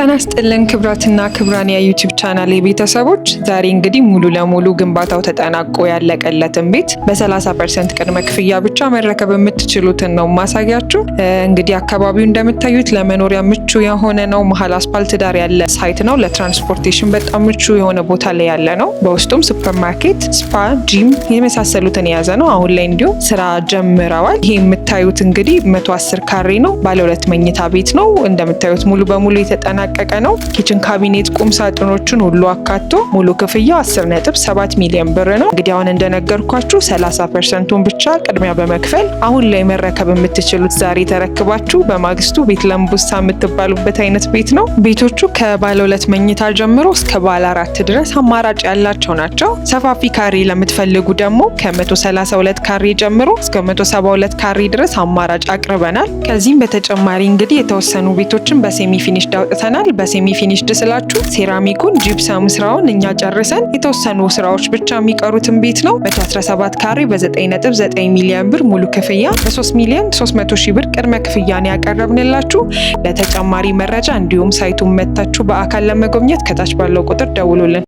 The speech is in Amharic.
ጤና ይስጥልን ክብራትና ክብራን የዩቲዩብ ቻናል ቤተሰቦች፣ ዛሬ እንግዲህ ሙሉ ለሙሉ ግንባታው ተጠናቆ ያለቀለትን ቤት በ30 ፐርሰንት ቅድመ ክፍያ ብቻ መረከብ የምትችሉትን ነው ማሳያችሁ። እንግዲህ አካባቢው እንደምታዩት ለመኖሪያ ምቹ የሆነ ነው። መሀል አስፓልት ዳር ያለ ሳይት ነው። ለትራንስፖርቴሽን በጣም ምቹ የሆነ ቦታ ላይ ያለ ነው። በውስጡም ሱፐርማርኬት፣ ስፓ፣ ጂም የመሳሰሉትን የያዘ ነው። አሁን ላይ እንዲሁም ስራ ጀምረዋል። ይሄ የምታዩት እንግዲህ 110 ካሬ ነው። ባለ ሁለት መኝታ ቤት ነው። እንደምታዩት ሙሉ በሙሉ የተጠና የተጠናቀቀ ነው። ኪችን ካቢኔት፣ ቁም ሳጥኖችን ሁሉ አካቶ ሙሉ ክፍያው 10.7 ሚሊዮን ብር ነው። እንግዲህ አሁን እንደነገርኳችሁ 30 ፐርሰንቱን ብቻ ቅድሚያ በመክፈል አሁን ላይ መረከብ የምትችሉት ዛሬ ተረክባችሁ በማግስቱ ቤት ለምቡሳ የምትባሉበት አይነት ቤት ነው። ቤቶቹ ከባለ ሁለት መኝታ ጀምሮ እስከ ባለ አራት ድረስ አማራጭ ያላቸው ናቸው። ሰፋፊ ካሬ ለምትፈልጉ ደግሞ ከ132 ካሬ ጀምሮ እስከ 172 ካሬ ድረስ አማራጭ አቅርበናል። ከዚህም በተጨማሪ እንግዲህ የተወሰኑ ቤቶችን በሴሚ ፊኒሽ ዳውጥተናል። ጨርሰናል። በሴሚ ፊኒሽድ ስላችሁ ሴራሚኩን ጂፕሰም ስራውን እኛ ጨርሰን የተወሰኑ ስራዎች ብቻ የሚቀሩትን ቤት ነው። 117 ካሬ በ9.9 ሚሊዮን ብር ሙሉ ክፍያ በ3 ሚሊዮን 300 ሺህ ብር ቅድመ ክፍያን ያቀረብንላችሁ። ለተጨማሪ መረጃ እንዲሁም ሳይቱን መታችሁ በአካል ለመጎብኘት ከታች ባለው ቁጥር ደውሉልን።